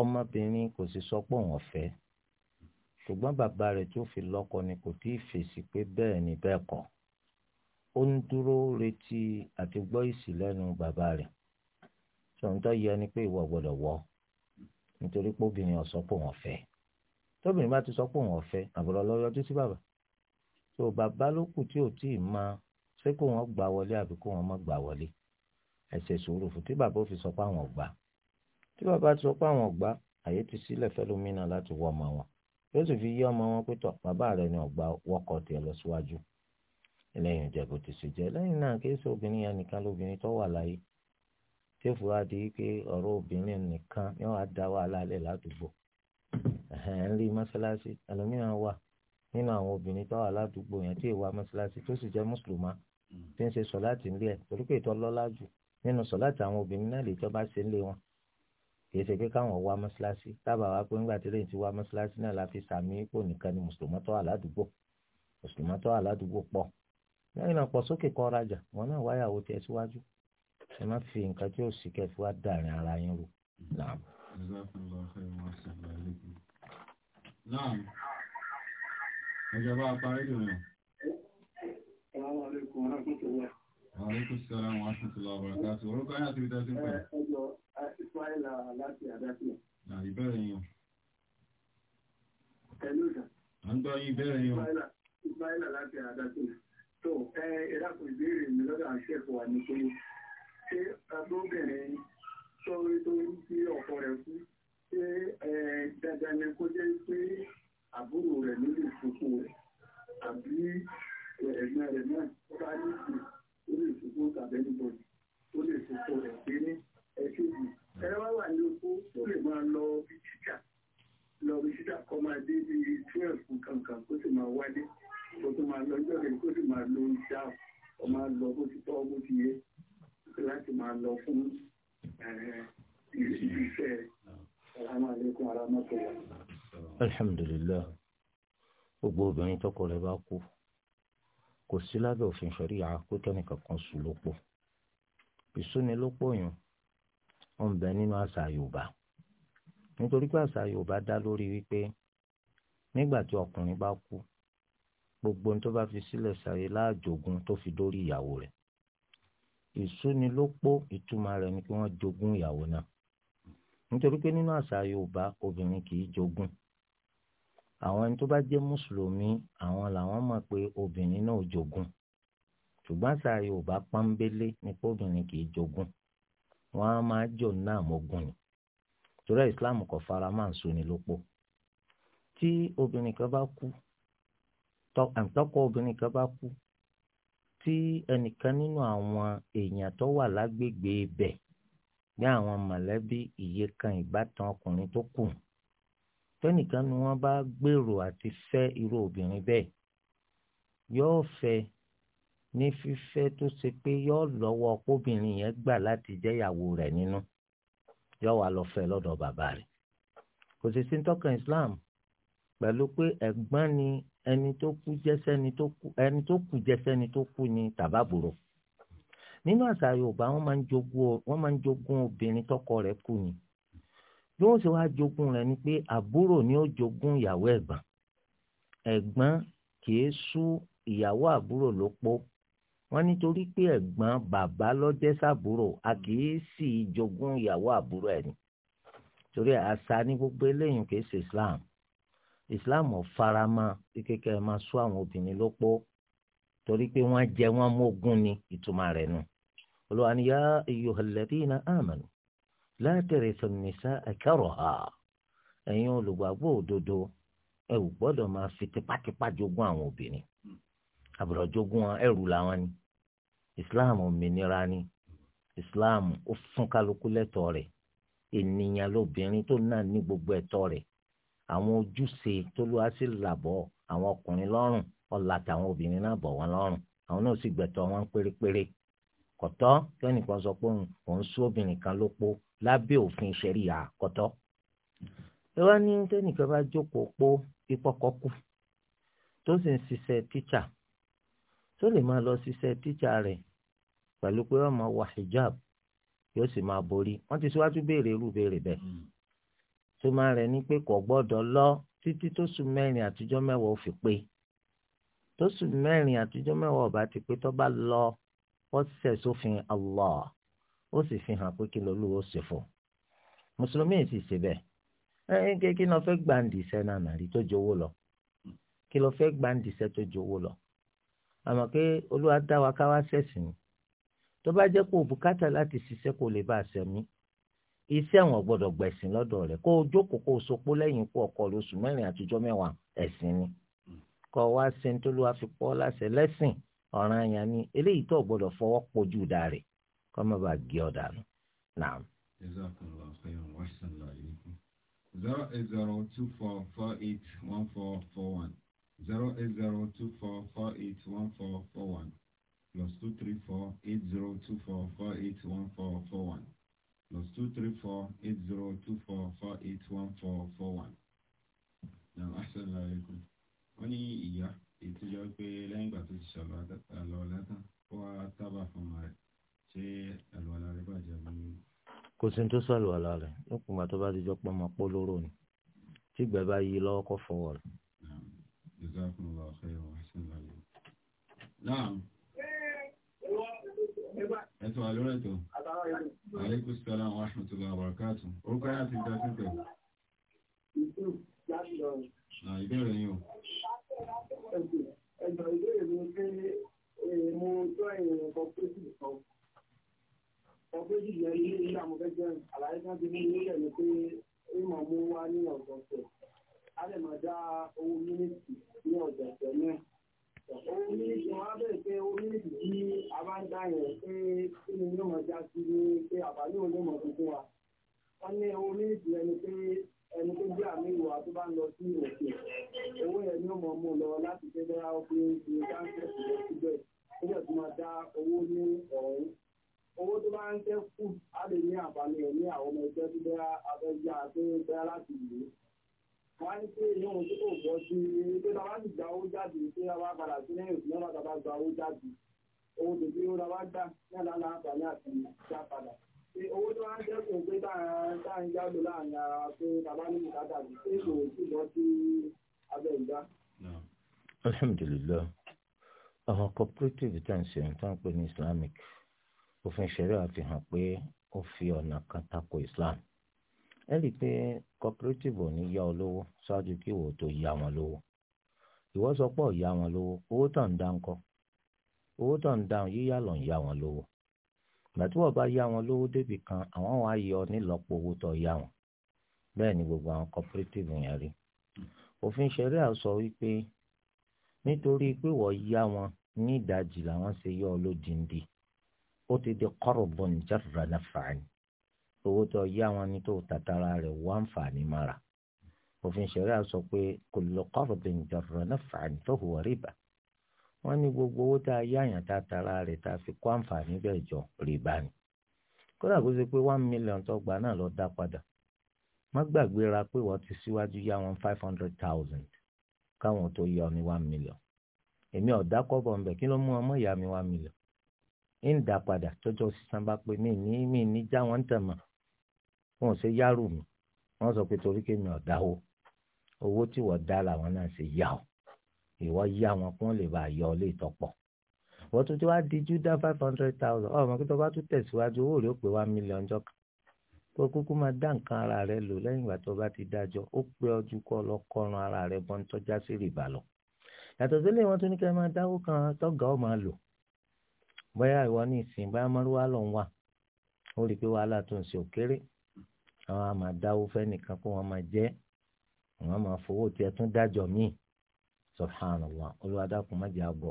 ọmọbìnrin kò sì sọ pé òun ọ̀fẹ́ ṣùgbọ́n bàbá rẹ̀ tó fi lọ́kọ ni kò tí ì fèsì pé bẹ́ẹ̀ ni bẹ́ẹ̀ kọ́ ó ń dúró retí àti gbọ́ ìsì lẹ́nu bàbá rẹ̀ sọ̀ǹtọ́ yẹ ni pé ìwọ gbọ́dọ̀ wọ̀ nítorí pé obìnrin ọ̀sọ́ pò wọ́n fẹ́ tóbìnrin bá ti sọ pé wọ́n fẹ́ àbúrò lọ́yọ́ tó sí bàbá tó bàbá ló kù tí ò tí ì máa ṣé kó wọn gbà wọlé àbí kó wọn má gbà wọlé ẹ ṣe fún tí bàbá ò fi sọ pé àwọn gbà tí bàbá ti sọ pé àwọn gbà àyè ti sílẹ̀ fẹ́lómìnà láti wọ ọmọ wọn yóò sì fi yí ọmọ wọn pé tọ bàbá rẹ ni ọgbà wọkọ tiẹ̀ lọ síwájú ẹlẹyìn ìjẹbù ti sì jẹ lẹ́yìn náà kí ẹsẹ obìnrin yẹn nìkan lóbìnrin tó wà láyé tí èfò wa di pé ọ̀rọ̀ obìnrin nìkan yóò wá da wàhálà lẹ ládùúgbò ẹn rí mọ́ṣáláṣí ẹlòmíràn wà nínú àwọn obìnrin tó wà ládùúgbò yẹn tí èèwà mọ́ṣáláṣí tó sì jẹ mùsùlùmá tí ń ṣe sọ láti torí pé ìtọ́ jù nínú sọ àwọn obìnrin náà lè tọ́ bá ṣe ń wọn kì í ṣe pé káwọn wá mọ́ṣáláṣí tábà wá pé ńgbà tí lẹ́yìn tí wá mọ́ṣáláṣí náà la fi sàmì ipò nìkan ni mùsùlùmọ́tò aládùúgbò mùsùlùmọ́tò aládùúgbò pọ̀ lẹ́yìn náà pọ̀ sókè kọ́ rajà wọn náà wáyàwó tiẹ̀ síwájú ẹ má fi nǹkan tí ó sì kẹ́ fi wá dàrin ara yín rú. náà ìjọba parí ìrìn. Àlékún sọ́ra wọn ṣùtùlọ ọ̀bọ̀rọ̀ká tí orúkọ ayé àti ìdájú pẹ̀. Ẹjọ́ Ìsmáìlà láti Adájọ́. Nà ìbẹ̀rẹ̀ yìí. Ẹlú ìdá. À ń gbọ́ yín ìbẹ̀rẹ̀ yìí. Ìsmáìlà láti Adájọ́. Tó ẹ ìdákùn ìbéèrè mi lọ́dọ̀ àṣẹ kò wà ní pé ṣé agbóbìnrin sọ́rí tó ń fi ọkọ rẹ̀ kú ṣé dandan ni kó jẹ́ pé àbúrò rẹ̀ ló lè fòkó rẹ̀ àbí ẹ̀gbọ́n rẹ̀ náà ó bá ní ìsìn ó lè ṣòfò tàbẹ́ni bọ̀dì ó lè ṣòfò ẹ̀gbẹ́ ní ẹ̀kejì ẹ̀rọ wà ní oko ó lè máa lọ bí títà lọ bí títà kọ́ máa dé bí twelve kankan kó sì máa wálé kó tó máa lọ ọjọ́ rẹ̀ kó sì máa lo ìṣá ọ máa lọ bó ti tọ́ bó ti yẹ láti máa lọ fún ìṣiṣẹ́ alámàlẹ́kùn alámọ́tò alhamdulilayi gbogbo obìnrin tọkọ rẹ̀ bá kú kò sí lábẹ́ òfin ṣẹ̀ríà pé kẹ́nìkan kan sùn lópò ìsúnilópò yùn ó ń bẹ nínú àṣà Yorùbá nítorí pé àṣà Yorùbá dá lórí wípé nígbà tí ọkùnrin bá kú gbogbo ohun tó bá fi sílẹ̀ sáyé láàjogún tó fi dórí ìyàwó rẹ̀ ìsúnilópò ìtumọ̀ rẹ̀ ni pé wọ́n jogún ìyàwó náà nítorí pé nínú àṣà Yorùbá obìnrin kì í jogún àwọn ẹni tó bá jẹ́ mùsùlùmí àwọn làwọn mọ̀ pé obìnrin náà jogun ṣùgbọ́n àṣà Yorùbá pọ́nbélé nípa obìnrin kì í jogun wọ́n á máa jò náà mọ́gun ni torí Islam kò fara máa ń soni lópo tí obìnrin kan bá kú tọkọ obìnrin kan bá kú tí ẹnìkan nínú àwọn èèyàn tó wà lágbègbè ibẹ̀ bí àwọn mọ̀lẹ́bí ìyèkan ìbátan ọkùnrin tó kù tẹ́nìkan ni wọ́n bá gbèrò àti fẹ́ irú obìnrin bẹ́ẹ̀ yóò fẹ́ ní fífẹ́ tó ṣe pé yóò lọ́wọ́ ọkọ́bìnrin yẹn gbà láti jẹ́ ìyàwó rẹ̀ nínú yóò wá lọ fẹ́ lọ́dọ̀ bàbá rẹ̀ kò sì sí tọ́kàn Islam pẹ̀lú pé ẹ̀gbọ́n ni ẹni tó kú jẹ́sẹ́ ni tó kú ẹni tó kú jẹ́sẹ́ ni tó kú ni tàbábòrò nínú àṣà Yorùbá wọ́n máa ń jogún obìnrin tọ́kọ rẹ̀ kú ni. bí wọ́n ṣe wá jogún rẹ̀ ni pé àbúrò ni ó jogún ìyàwó ẹ̀gbọ́n ẹ̀gbọ́n kìí sú ìyàwó àbúrò ló pọ̀ wọ́n nítorí pé ẹ̀gbọ́n bàbá lọ́jẹ́ sàbúrò a kìí sì jogún ìyàwó àbúrò ẹ̀ ni torí àṣà ní gbogbo eléyìí kìí ṣe Islam Islam ò fara mọ́ kíkẹ́kẹ́ ẹ máa sú àwọn obìnrin ló pọ̀ torí pé wọ́n jẹ wọ́n mógún ni ìtumọ̀ rẹ̀ nù olùwàníyà ayyuhalladhina amanu. látẹ̀rẹ̀ sọ̀nìṣà ẹ̀kẹ́rọ̀ ha ẹ̀yin olùgbàgbọ́ òdodo ẹ ò gbọ́dọ̀ máa fi tipátipá jogún àwọn obìnrin àbúrò jogún ẹrù làwọn ni islam òmìnira ni islam ó fún kálukú lẹ́tọ̀ọ́ rẹ̀ ènìyàn lóbìnrin tó náà ní gbogbo ẹ̀tọ́ rẹ̀ àwọn ojúṣe tó ló wá sí làbọ̀ àwọn ọkùnrin lọ́rùn ọ̀là obìnrin náà bọ̀ wọ́n lọ́rùn àwọn náà sì gbẹ̀tọ́ wọn pérépéré kọ̀tọ́ kí ẹnìkan sọ pé òun sún obìnrin kan lópo lábẹ́ òfin ṣẹ̀ríà kọ̀tọ́. ẹ wá ní tẹ́nìkan bá jókòó pó pípọ́kọ́ kù tó sì ń ṣiṣẹ́ tíṣà tó lè máa lọ ṣiṣẹ́ tíṣà rẹ̀ pẹ̀lú pé wọ́n máa wọ hijab yóò sì máa borí wọ́n ti síwájú béèrè irú béèrè bẹ́ẹ̀. Hmm. tó máa rẹ̀ ní pé kò gbọ́dọ̀ lọ títí tó sùn mẹ́rin àtijọ́ mẹ́wàá ò fi pé tó sùn mẹ́rin àtijọ́ mẹ́wàá ọ̀bá ti pé tó bá lọ wọ́n ṣẹ̀ sófin Allah ó sì fi hàn pé kí ló lù ó ṣe fún mùsùlùmí sì ṣe bẹ́ẹ̀ ẹ kí kí ló fẹ́ gbàǹdìṣẹ́ náà nàrí tó jowó lọ kí ló fẹ́ gbàǹdìṣẹ́ tó jowó lọ àmọ́ pé olúwa dá wa ká wá ṣẹ̀sìn ni tó bá jẹ́ kó bùkátà láti ṣiṣẹ́ kó lè bá a ṣẹ̀mí iṣẹ́ wọn gbọ́dọ̀ gbẹ̀sìn lọ́dọ̀ rẹ̀ kó o jókòó kó o sopó lẹ́yìn ikú ọkọ lóṣù mẹ́rin àtijọ́ mẹ́wàá ẹ̀sìn ni kó o wá ṣe ní tó ló wá fi pọ́ láṣẹ lẹ́sìn ọ̀ràn àyàn ni eléyìí tó gbọ́dọ̀ fọwọ́ pojú da rẹ̀ kọ́ má bàa gé ọ dànù. naam. zero eight zero two four four eight one four four one zero eight zero two four four eight one four four one plus two three four eight zero two four four eight one four four one plus two three four eight zero two four four eight one four four. wípé lẹ́yìn ìgbà tó ti ṣàlùwàlá tán ó wá tábà fún ọmọ rẹ̀ ṣé àlùwàlá rẹ̀ bàjẹ́ àbí. kò sí ní tó ṣàlùwàlá rẹ̀ nípò máa tó bá ti jọ pọ́ ọmọ pọ́ lóró ni tí ìgbẹ́ bá yí lọ́wọ́ kọ́ fọwọ́ rẹ̀. ẹ̀sùn àlọ́ rẹ̀ tó. lẹ́yìn òsì náà bàbá gba owó jáde owó tó bí owó gbà náà lánà àǹfààní àti ìjà padà ṣé owó tó máa ń pé tá à ń jáde láàrin ara pé bàbá ní bùkátà bí pé kò sí lọ sí abẹ́ ìgbà. alhamdulillah àwọn cooperative tá à ń ṣe ń tán pé ní islamic òfin ṣẹ̀ríà fi hàn pé ó fi ọ̀nà kan tako islam ẹ rí i pé cooperative ò ní yá ọ lówó ṣáájú kí ìwọ tó yá wọn lówó ìwọ sọ pé ọ̀yà wọn lówó owó tó ń dá ńkọ́ owó tó ń dá yíyá lọ ń yá wọn lówó ìgbà tí wọ́n bá yá wọn lówó débì kan àwọn wàá yọ nílọ́pọ̀ owó tó yá wọn bẹ́ẹ̀ ni gbogbo àwọn cooperative yẹn rí òfin ṣẹ̀ríà sọ wípé nítorí pé wọ́n yá wọn ní ìdajì làwọn ṣe yọ ọ lódìndín ó ti di kọ́rọ̀bọ̀n jáfra náfààní owó tó yá wọn ní tó tàtàrà rẹ̀ wọ́n àǹfààní mára òfin ṣẹ̀ríà sọ pé kullu qardin jarra naf'an fahuwa riba wọ́n ní gbogbo owó tá a yá àyàn tá a tara rẹ̀ tá a fi kó àǹfààní bẹ́ẹ̀ jọ rìbá ni kódà kó ṣe pé one million tó gbà náà lọ dá padà má gbàgbéra pé wọ́n ti síwájú yá wọn five hundred thousand káwọn tó yá ọ ní one million èmi ọ̀dà kọ́bọ̀ ń bẹ̀ kí ló mú ọmọ ìyá mi one million ń dà padà tọ́jọ́ sísan bá pé mí ní mí ní já wọn tẹ̀mọ̀ wọn ò ṣe yárù mi wọ́n sọ pé torí kémi ọ̀dà wo owó tí wọ́n dá làwọn náà ṣe yá ọ ìwọ yá wọn kún lè bá yọ ọ lè tọpọ̀ wọ́n tún ti wá di júdá five hundred thousand ọmọ kí tó bá tún tẹ̀síwájú owó rẹ̀ ó pé one million jọ kan kó kúkú máa dá nǹkan ara rẹ lò lẹ́yìn ìgbà tó bá ti dájọ́ ó pé ojú kọ́ lọ kọ́ran ara rẹ bọ́n tọ́já sí rìbá lọ. yàtọ̀ sílẹ̀ wọn tún ní kẹ́ máa dáwó kan tọ́gà ó máa lò bóyá ìwọ ní ìsìn bóyá mọ́rúwá lọ ń wà ó rí i pé wàhálà tó ń ṣe òkéré àwọn àmà fẹ́ nìkan kó wọn máa jẹ́ àwọn máa fowó tí ẹ tún dájọ́ míì subhanallah olúwa dákun má jẹ́ àbọ̀.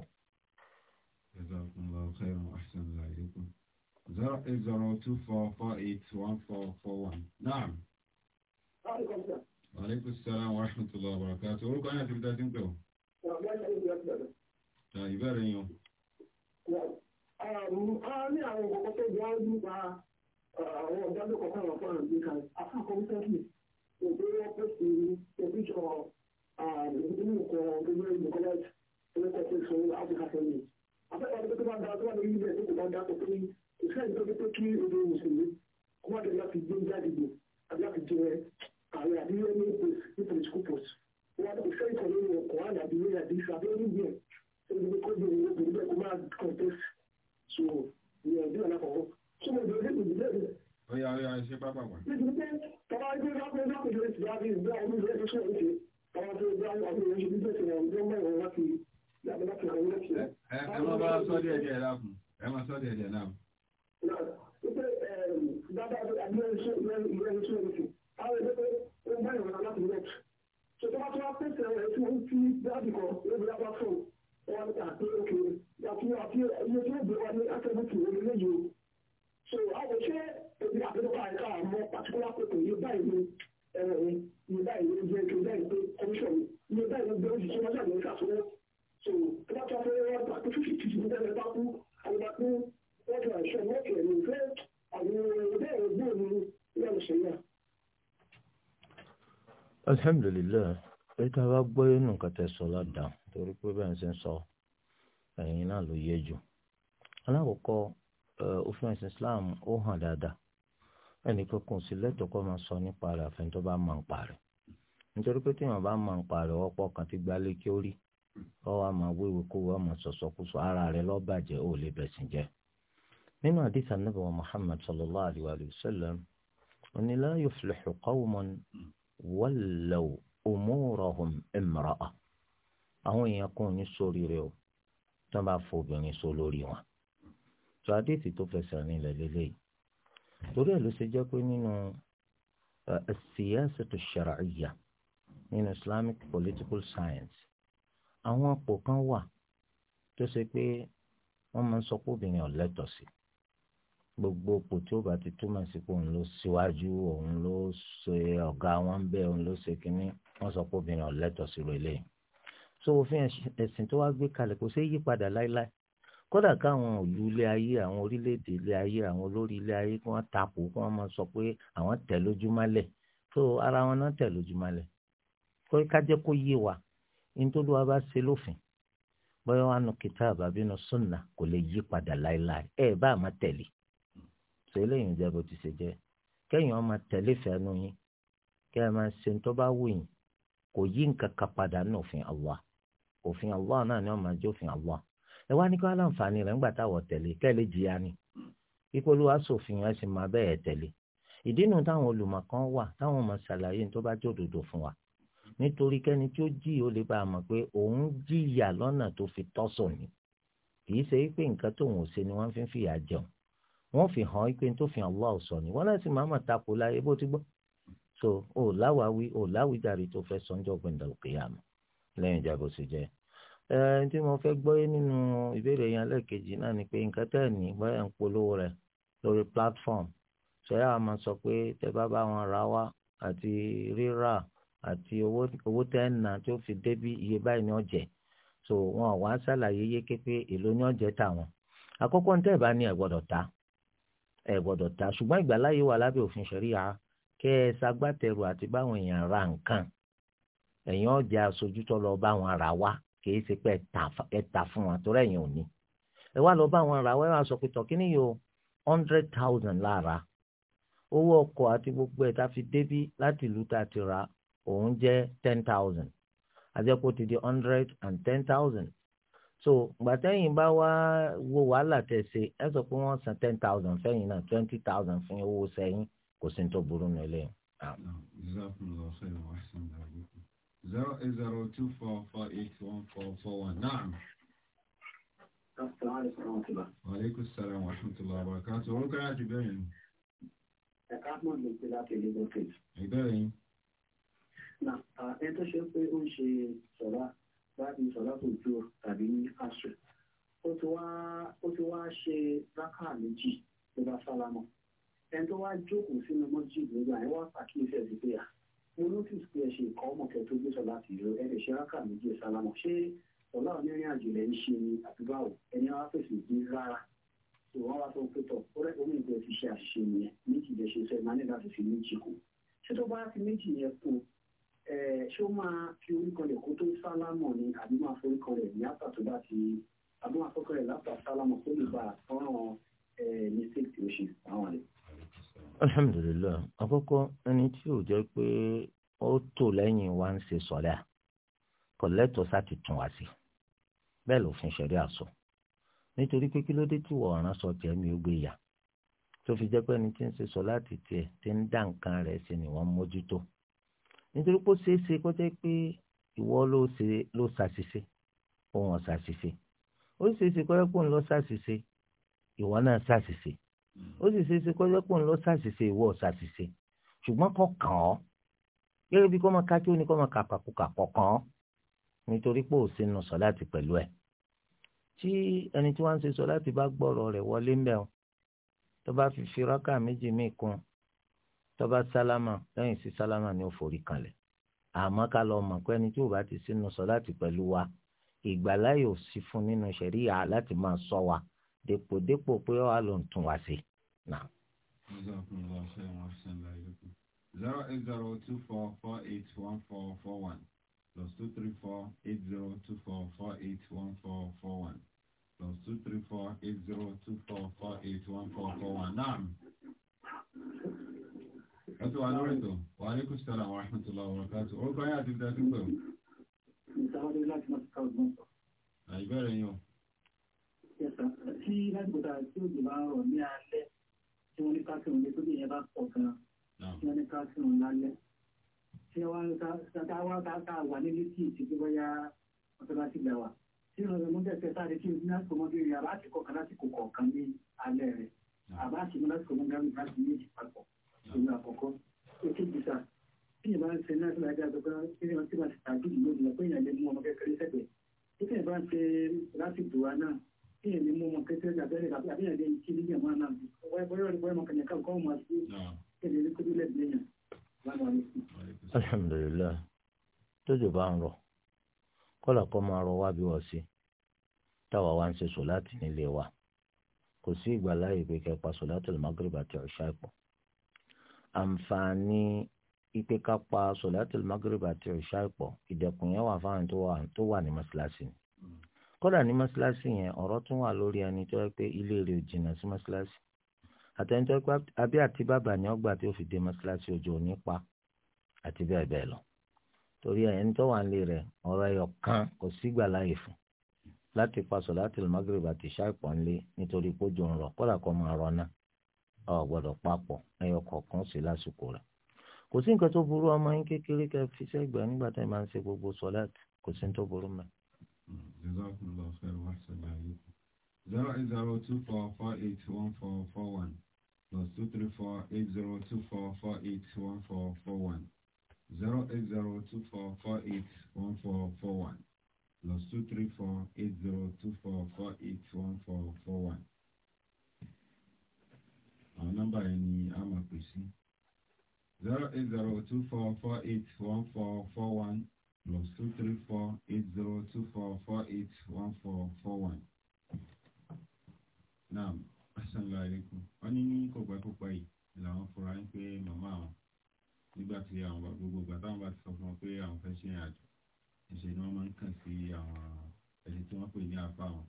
zero eight zero two four four eight one four four one naam. aleykum salaam wa rahmatulah wa barakatuh orúkọ yẹn ti ń pè ọ́. ta ìbéèrè yín o. ní àwọn kọ̀ọ̀kan tó jẹ́ àwọn ọ̀gá tó kọ̀ọ̀kan wà fún àwọn ìgbékalẹ̀ òbí wọn pèsè ìbíjọ nínú nǹkan gbogbo ìmọ̀kọ́lá ẹlẹ́kọ̀ọ́ tó sọ áfíríkà fẹ́mi afẹ́kọ̀ọ́ tó tó bá ń da tó wà ní ilé tó kò bá da tó pé kò sẹ́yìn tó tó kí odò mùsùlùmí kó má dé láti gbé jáde gbò àbí láti jẹ ààrẹ àbí ẹni pèsè ṣe sọ ẹ̀yin náà ló yẹ jù alákòókò òfin ẹ̀sìn Islam ó hàn dáadáa ẹnì kankan máa sọ nípa rẹ̀ àfẹn tó bá mọ̀ ń parẹ́ nítorí pé bá mọ̀ ń parẹ́ ọ̀pọ̀ kan a máa wéwèé kó wọ́n ara rẹ̀ ó lè bẹ̀sìn jẹ́ nínú sallallahu alayhi àwọn èèyàn kan ò ní sórí rẹ o tí wọ́n bá fọ obìnrin so lórí wọn tó adéètì tó fẹsẹ̀ rinlẹ̀ lélẹ́yìí torí ẹ̀ ló ṣe jẹ́ pé nínú eh, as-siyasatu shar'iyya nínú Islamic political science àwọn àpò kan wà tó ṣe pé wọ́n máa ń sọ pé obìnrin ò lẹ́tọ̀ọ́ sí gbogbo òpò tí ó bá ti túmọ̀ sí pé òun ló síwájú òun ló ṣe ọ̀gá wọn bẹ́ẹ̀ òun ló ṣe kínní wọ́n sọ pé obìnrin ò lẹ́tọ̀ọ́ sí rẹ̀ lẹ́yìn so òfin ẹ̀sìn tó wá gbé kalẹ̀ kò ṣeé yí padà láéláé kódà káwọn òlú ilé ayé àwọn orílẹ̀-èdè ilé ayé àwọn olórí ilé ayé kí wọ́n takò kí wọ́n máa sọ pé àwọn tẹ̀ lójúmọ́lẹ̀ so ara wọn náà tẹ̀ lójúmọ́lẹ̀ kó kájẹ́ kó yé wa ní tó ló wa bá ṣe lófin bóyá wà nù kìtàbù àbí nù súnà kò lè yí padà láéláé ẹ bá máa tẹ̀lé ṣe eléyìí jẹ́ bó ti ṣe jẹ́ kẹ́yìn ọmọ tẹ̀lé fẹ́nu yín kẹ́ ẹ máa ṣe tó bá wù yín kò yí nǹkan kan padà nù òfin Allah òfin Allah náà ni wọ́n máa jẹ́ òfin Allah ẹ wá ní kí wọ́n láǹfààní rẹ̀ ńgbà táwọ̀ tẹ̀lé kẹ́lẹ́ jìyà ni ipò olúwa sòfin ẹ̀ sì máa bẹ́ẹ̀ tẹ̀lé ìdí nu táwọn olùmọ̀ wà táwọn máa ṣàlàyé tó bá jòdòdò fún wa nítorí kẹ́ni tí ó jì ó lè bá a mọ̀ pé òun jìyà lọ́nà tó fi tọ́sọ̀ ni kì í ṣe pé nǹkan tóun ò ṣe ni wọ́n fi ń fìyà jẹun wọ́n fi hàn pé tó fi Allah sọ ni wọ́n láti máa mà takò láyé bó ti gbọ́ so ò láwàá wí ò láwìjàre tó fẹ́ sọ́njọ́ gbẹ̀ndàlùkìyàmù lẹ́yìn ìjà bó ṣe jẹ́ ẹni tí mo fẹ́ gbọ́ nínú ìbéèrè yẹn lẹ́ẹ̀kejì náà ni pé nǹkan tẹ̀ ní báyà ń polówó rẹ̀ lórí platform ṣẹ́yà àmọ́ sọ pé tẹ bá bá wọn wá àti rírà àti owó tẹ́ tí fi débí iye báyìí ní ọ̀jẹ̀ so wọn wá ṣàlàyé yéké pé ní ọ̀jẹ̀ àkọ́kọ́ bá ní ta ẹ ta ṣùgbọ́n ìgbàláyé wà lábẹ́ òfin ṣẹ̀ríya kẹ́ ẹ ṣagbátẹrù àti ra nǹkan ẹ̀yin ọ̀jẹ̀ aṣojú lọ wọn wá kìí ṣe pé ẹ tà fún wọn torí ẹ̀yin ò ní. ẹ wá lọ bá wọn ra wẹ́n wá pé tọ̀kí ni yóò hundred thousand lára owó ọkọ̀ àti gbogbo ẹ̀ tá a fi débí láti ìlú tá a ti ra òun jẹ́ ten thousand àjẹpọ̀ ti di hundred and ten thousand so gbàtẹ́yìn bá wá wo wàhálà tẹ̀ ṣe ẹ sọ pé wọ́n san ten thousand fẹ́yìn náà twenty thousand fún owó sẹ́yìn kò sí ní tó burú nílé zero eight zero two four four eight one four four one naam. láti bẹ̀rẹ̀ ni. Ẹ̀ka mọ̀ ló ti láti ilé lókè. Ìbéèrè yín. Nà ẹ tó ṣe pé ó ń ṣe sọ̀rá láti sọ̀rá tó ju tàbí aṣọ. Ó ti wá ṣe rákà méjì tó bá sálámọ̀. Ẹni tó wá jókòó sínú mọ́jì nígbà yẹn wá pàkíyèsí ẹ̀ sí pé à olóṣùṣù ẹ ṣe nǹkan ọmọkẹ tó gbé sọlá ti yọ ẹnì ṣe ráka méjì sálámọ ṣé ọlá onírìn àjò lẹ ń ṣe ni àti báwo ẹni wàá fèsì dín rárá tó wọn wá sọ pé tọ ọ̀rẹ́ omi ìgbẹ ti ṣe àṣìṣe nìyẹn méjì lè ṣe sẹ máa ní láti fi méjì kù ṣé tó bá ti méjì yẹn kù ẹ ṣé ó máa fi orúkọ rẹ kó tó sálámọ ni àbí máa forúkọ rẹ ní àtà tó bá ti àbí máa forúkọ alhamdulilayi àkọ́kọ́ ẹni tí ò jẹ́ pé ó tò lẹ́yìn wa ń ṣe sọlẹ kò lẹ́tọ̀ọ́ sáti tún wá sí bẹ́ẹ̀ lòfin ṣẹlẹ àṣọ nítorí pé kí ló dé tí wọ ọ̀ràn sọ tiẹ̀ mi ò gbé yà tó fi jẹ́ pé ẹni tí ń ṣe sọ láti tiẹ̀ ti ń dá nǹkan rẹ̀ ṣe ni wọ́n mójútó nítorí pé ó ṣeé ṣe kó jẹ́ pé ìwọ ló ṣe ló ṣàṣìṣe òun ọ̀ṣàṣìṣe ó ṣeé ṣe kó jẹ́ pé òun ló ṣàṣìṣe ìwọ náà ṣàṣìṣe ó sì ṣeéṣe kó jẹ́ pé òun ló ṣàṣìṣe ìwọ ṣàṣìṣe ṣùgbọ́n kò kàn ọ́ gẹ́gẹ́ bí kò máa kájú ní kò máa kàkàkùkà kọ̀ kàn ọ́ nítorí pé ò sínú sọ̀láàtì pẹ̀lú ẹ̀ tí ẹni tí wọ́n ń ṣe sọ̀láàtì bá gbọ́rọ̀ rẹ̀ wọlé ń bẹ̀ ọ́ tó bá fi fi rákà méjì míì kún tó bá sálámà lẹ́yìn sí sálámà ni ó forí kanlẹ̀ àmọ́ ká lọ mọ̀ pé ẹni tí ò bá ti sínú sọ̀láàtì pẹ̀lú wa ìgbàláyò sí fún nínú ṣẹ̀ríyà láti máa sọ wa dèpòdèpò pé ọ̀ á ló ń tún wá sí i zero eight zero two four four eight one four four one plus two three four eight zero two four four eight one four four one plus two three four eight zero two four four eight one four four one naam. ẹ tó wà lórí ètò wa aleykum salaam wa rahmatullahi wa barakatuh orúkọ yẹn àti ìdájọ́ ń bẹ̀rù. ìdájọ́ láti máa ti ká ọdún sọ. àìbẹ̀rẹ̀ yín o tí lágbègbè tí òjò bá rọ̀ ní alẹ́ tí wọ́n ní ká kírun lé tóbi yẹn bá pọ̀ gan-an tí wọ́n ní ká kírun lálẹ́ tí wọ́n ká wá ká wà nílé tí ì ti fi bọ́yá mọ́tọ́láṣí gbà wá tí wọ́n lè mú bẹ́ẹ̀ sáré kí ní àsìkò mọ́tò yẹn àbá àsìkò kan lásìkò kọ̀ọ̀kan ní alẹ́ rẹ̀ àbá àsìkò mọ́tò láti kọ̀ọ̀kan ní àsìkò ń rọ̀ kọ́là kọ́ máa rọ wá bí wọ́n sí táwa wá ń ṣe sọ̀láàtì nílé wa kò sí ìgbàláyè pé kẹpa sọ̀láàtì magrib àti ìṣá ìpọ̀ àǹfààní ipe ká pa sọ̀láàtì magrib àti ìṣá ìpọ̀ ìdẹ̀kùn yẹn wà fáwọn tó wà ní mọ́ṣáláṣí ni kọ́dà ní mọ́ṣáláṣí yẹn ọ̀rọ̀ tún wà lórí ẹni tó yẹ pé ilé rẹ̀ ò jìnnà sí mọ́ṣáláṣí àtẹnitọ́ pé abẹ́ àti bàbà ni ọgbà tí ó fi dé mọ́ṣáláṣí ọjọ́ òní pa àti bẹ́ẹ̀ bẹ́ẹ̀ lọ torí ẹni tó wà nílé rẹ̀ ọ̀rọ̀ ẹyọ kan kò sígbà láàyè fún láti paṣọ láti lè magreb àti ṣàìpọ̀ nílé nítorí pójú ń rọ kódà kó máa rọ náà ọ̀ gbọ́dọ̀ papọ̀ ẹyọ kọ̀ọ̀kan sí lásìkò rẹ̀ kò sí nǹkan tó burú ọmọ yín kékeré kẹ fi sẹ́gbẹ̀ẹ́ nígbà tá ẹ máa ń ṣe gbogbo sọ́láàtì kò sí tó burú mẹ́. zero eight zero two four four eight one four four one plus two three four eight zero two four four eight one four four one zero eight zero two four four eight one four four one plus two three four eight zero two four four eight one four four one. àwọn nọ́mbà yẹn ni a máa pè sí zero eight zero two four four eight one four four one plus two three four eight zero two four four eight one four four one. naam asalaamualeykum wọ́n ní ní kò gbàgbọ́ pa yìí làwọn fura ń pé màmá àwọn nígbà tí àwọn gbogbo ìgbà táwọn bá ti sọ fún wọn pé àwọn fẹ́ ṣe àjò ìṣe ni wọ́n máa ń kàn sí àwọn ẹni tí wọ́n pè ní apá wọn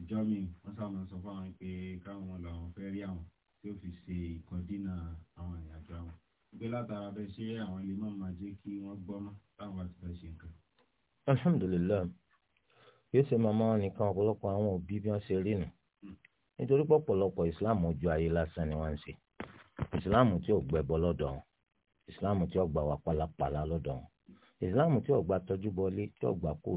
ìjọ mi wọ́n sábà sọ fún àwọn pé káwọn làwọn fẹ́ rí àwọn tí ó fi ṣe ìkọ́dínà àwọn ìrìnàjò àwọn pé látara bẹ ṣé àwọn ilé máa máa jẹ́ kí wọ́n gbọ́ná táwọn bá ti fẹ́ ṣe nǹkan. alhamdulilayi yóò ṣe màmá wọn nìkan ọ̀pọ̀lọpọ̀ àwọn òbí bí wọ́n ṣe rí nù nítorí pọ̀pọ̀lọpọ̀ islam tí ó gbà wá pálapàla lọ́dọ̀ wọn islam tí ó gbà bọlé tí kú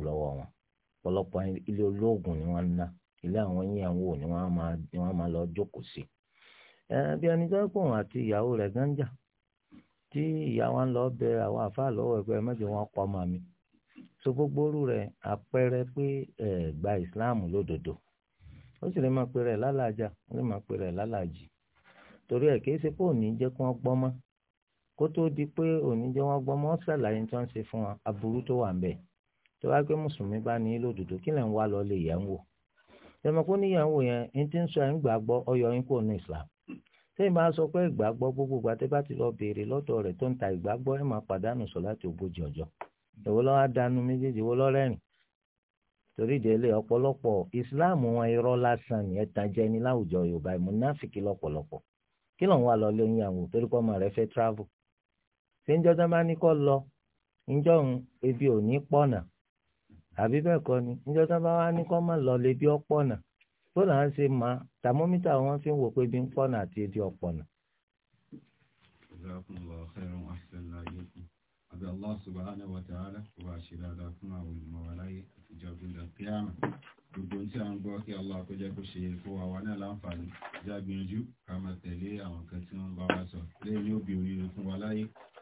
wọn ilé ológun ni wọ́n ná ilé àwọn yíyàwó ni wọ́n máa lọ jókòó sí bí ẹni tó pọ̀ àti ìyàwó rẹ̀ gánjà tí ìyá wa ń lọ bẹ àwọn àfáà lọ́wọ́ ẹgbẹ́ mẹ́jọ wọn pa ọmọ mi so gbogbo orú rẹ̀ pé gba islam lódodo ó sì lè máa rẹ̀ lálàájá ó lè máa kó tó di pé òní jẹ́ wọ́n gbọ́ mọ́ ṣàlàyé tí wọ́n ṣe fún wa aburú tó wà ń bẹ̀ tó wá pé mùsùlùmí bá ní lòdòdó kí lẹ̀ ń wá lọ lè yẹn wò tẹmọkú níyàwó yẹn ń ti ń sọ ẹ̀ ń gbàgbọ́ ọyọ yín kò ní Islam sẹ́yìn bá sọ pé ìgbàgbọ́ gbogbo ìgbà tẹ́ bá ti lọ béèrè lọ́dọ̀ rẹ̀ tó ń ta ìgbàgbọ́ ẹ̀ máa pàdánù sọ láti ogójì ọjọ́ èwo lọ́wọ́ dánú méjèèjì èwo lọ́rẹ́ rìn torí ìdílé ọ̀pọ̀lọpọ̀ Islam wọn irọ́ lásán ni ẹ̀tàn jẹ́ ní láwùjọ Yorùbá ìmúnáfìkì lọ́pọ̀lọpọ̀ kí lóun wà lọ lóyún àwọn torí kọ́ ọmọ fẹ́ travel ṣé ń jọ́jọ́ máa ní kọ́ lọ ńjọ́ òun ebi ò ní pọ̀nà àbí bẹ́ẹ̀ kọ́ ni ńjọ́ tó bá wá ní kọ́ máa lọ lè bí ọ̀pọ̀nà tó là ń ṣe máa thermometer wọn fi ń wò pé bí ń pọ̀nà àti ebi ọ̀pọ̀nà. wa ta'ala wa ṣe dáadáa fún àwọn olùmọ̀ wa láyé gbogbo tí a ń gbọ́ kí Allah kó jẹ́ kó ṣe fún wa wa náà láǹfààní jágbìyànjú ká máa tẹ̀lé àwọn kan tí wọ́n bá wa sọ lẹ́yìn yóò bí oríire fún wa láyé